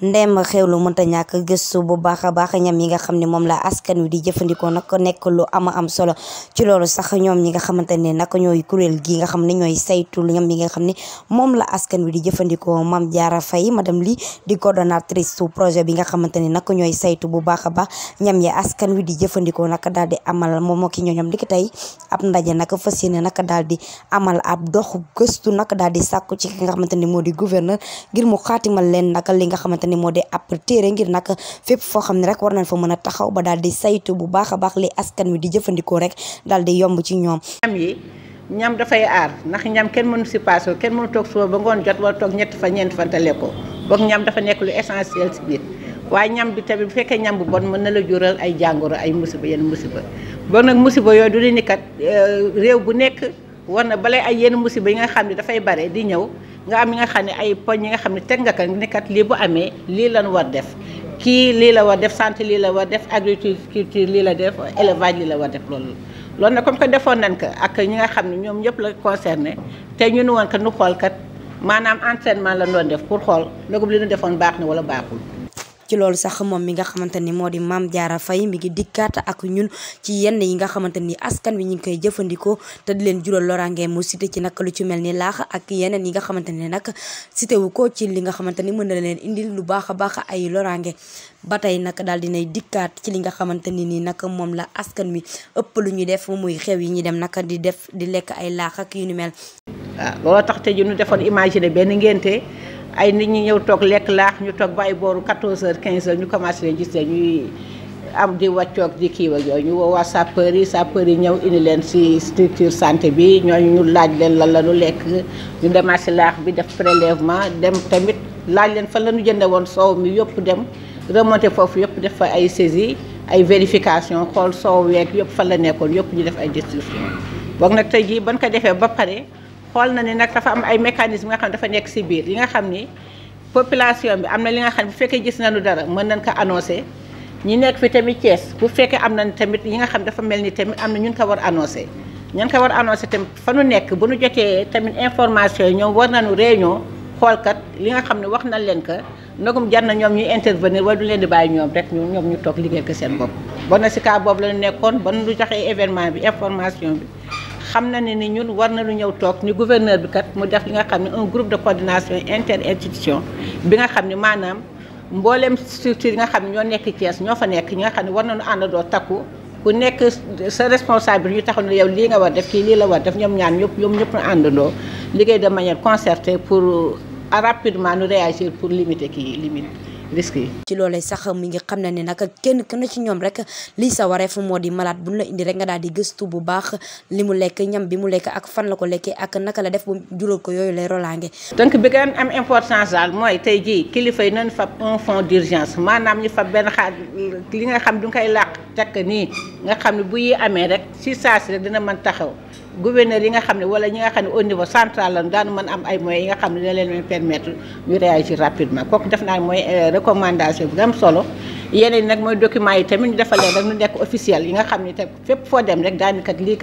ndem xewlu mënta ñàkk gëstu bu baax a baax ñam yi nga xam ne moom la askan wi di jëfandikoo nag nekk lu ama am solo ci loolu sax ñoom ñi nga xamante ne nag ñooy kuréel gi nga xam ne ñooy saytu ñam yi nga xam ne moom la askan wi di jëfandikoo Mame Diarra Faye madame li di coordonnatrice su projet bi nga xamante ne nag ñooy saytu bu baax a baax ñam yi askan wi di jëfandikoo nag daal di amal moom moo ki ñooñam li ki tey ab ndaje nag fas yéene nag daal di amal ab dox gëstu nag daal di sàkku ci ki nga xamante ne moo di gouverneur ngir mu xaatimal leen nag li nga xamante ni moo di ab téere ngir nag fépp foo xam ne rek war nañ fa mën a taxaw ba daal di saytu bu baax a baax li askan wi di jëfandikoo rek daal di yomb ci ñoom. ñam yi ñam dafay aar ndax ñam kenn mënu si paasoo kenn mënu toog suba ba ngoon jot wala toog ñett fa ñeent fan te lekkoo boog ñam dafa nekk lu essentiel si biir. waaye ñam bi tamit bu fekkee ñam bu bon mën na la jural ay jàngoro ay musiba yenn musiba bon nag musiba yooyu du ni kat euh, réew bu nekk war na balay ay yenn musiba yi nga xam ne dafay bare di ñëw. nga am yi nga xam ne ay poñ yi nga xam ne teg nga kan nekkat lii bu amee lii lan war def kii lii la war def santé lii la war def agriculture lii la def élevage lii la war def loolu loolu nag comme que defoon nañ ko ak ñi nga xam ne ñoom ñëpp la concerné te ñu ne woon que nu xool kat maanaam entraînement la doon def pour xool nagum li ñu defoon baax na wala baaxul ci loolu sax moom mi nga xamante ni moo di Mame Diarra Faye mi ngi dikkaat ak ñun ci yenn yi nga xamante ni askan wi ñu ngi koy jëfandikoo te di leen jural loraange mu cité ci nag lu ci mel ni laax ak yeneen yi nga xamante ni nag cité wu ko ci li nga xamante ni mën na leen indi lu baax a baax ay loraange ba tey naka daal dinay dikkaat ci li nga xamante ni nii nag moom la askan wi ëpp lu ñuy def muy xew yi ñuy dem nag di def di lekk ay laax ak yu ni mel. waaw ah, looloo ay nit ñi ñëw toog lekk laax ñu toog ba ay booru 14 heures 15 heures ñu commencé leen gis ñuy am di wàccoog di kii ak yooyu ñu woowaa sapeur yi sapeur yi ñëw indi leen si structure santé bi ñoo ñu laaj leen lan la ñu lekk ñu demaat si laax bi def prélèvement dem tamit laaj leen fan la ñu jënde woon soow mi yëpp dem remonté foofu yëpp def fa ay saisie ay vérification xool soow week yëpp fan la nekkoon yëpp ñu def ay distribution boog nag tey jii ban ko ba pare xool na ne nag dafa am ay mécanisme nga xam ne dafa nekk si biir yi nga xam ni population bi am na li nga xam ne bu fekkee gis na nu dara mën nañ ko annoncé ñi nekk fi tamit Thiès bu fekkee am nañ tamit yi nga xam dafa mel ni tamit am na ñun ko war annoncé ñan ko war annoncé tamit fa nu nekk bu nu jotee tamit information yi ñoom war nañu réunion xoolkat li nga xam ne wax nañ leen ko nagum jar na ñoom ñuy intervenir wala du leen di bàyyi ñoom rek ñoom ñu toog liggéeyal ko seen bopp bon na si boobu la ñu nekkoon ba nu joxee événement bi information bi xam na ne ni ñun war na lu ñëw toog ni gouverneur bi kat mu def li nga xam ne un groupe de coordination interinstitution bi nga xam ne maanaam mbooleem structure yi nga xam ne ñoo nekk Thiès ñoo fa nekk ñi nga xam ne war na nañu àndandoo takku ku nekk sa responsable ñu taxaw ne yow lii nga war def kii lii la war def ñoom ñaan ñëpp ñoom ñëpp ñu àndandoo liggéey de manière concertée pour euh, rapidement nu réagir pour limiter kii limite risque yi. ci loolee sax mi ngi xam ne ni nag kenn ku ci ñoom rek lii sa wareef moo di malade bu ñu la indi rek nga daal di gëstu bu baax li mu lekk ñam bi mu lekk ak fan la ko lekkee ak naka la def ba jural ko yooyu lay rolaange. donc bi gën am importance daal mooy tey jii kilifa yi nañu fab un fonds d'urgence maanaam ñu fab benn xaar li nga xam du nga koy làq tekk nii nga xam ne bu yi amee rek. si saa si rek dina mën taxaw gouverneur yi nga xam ne wala ñi nga xam ne au niveau central la daanu mën am ay moyens yi nga xam ne dina leen mën permettre ñu euh, nag mooy documents yi tamit ñu defalee rek nekk officiel yi nga xam ne fépp foo dem rek daani kat lii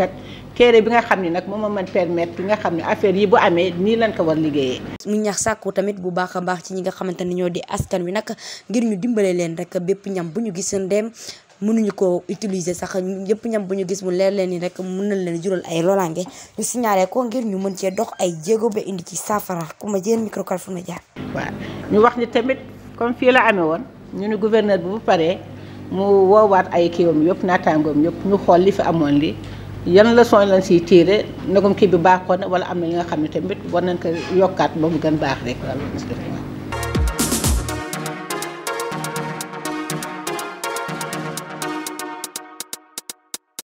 bi nga xam ne nag moo ma mën permettre nga xam ne affaire yi bu amee nii lañ ko war liggéeyee. mu ñax sàkku tamit bu baax a baax ci ñi nga xamante ñoo di askan wi nag ngir ñu dimbale leen rek bépp ñam mënuñu ko utiliser sax yëpp ñam bu ñu gis mu leer leen ni rek mën nañ leen jural ay loraange ñu siñaaree ko ngir ñu mën cee dox ay jéego ba indi ci saafara ku ma jël micro fu ma jaar. waa ñu wax ni tamit kon fii la amee woon ñu ne gouverneur bi bu paree mu woowaat ay kiiwam yëpp naataangoom yëpp ñu xool li fi amoon li yan leçon lañ siy tiire nagum kii bi baaxoon na wala am na li nga xam ne tamit war nañ ko yokkaat ba mu gën baax rek.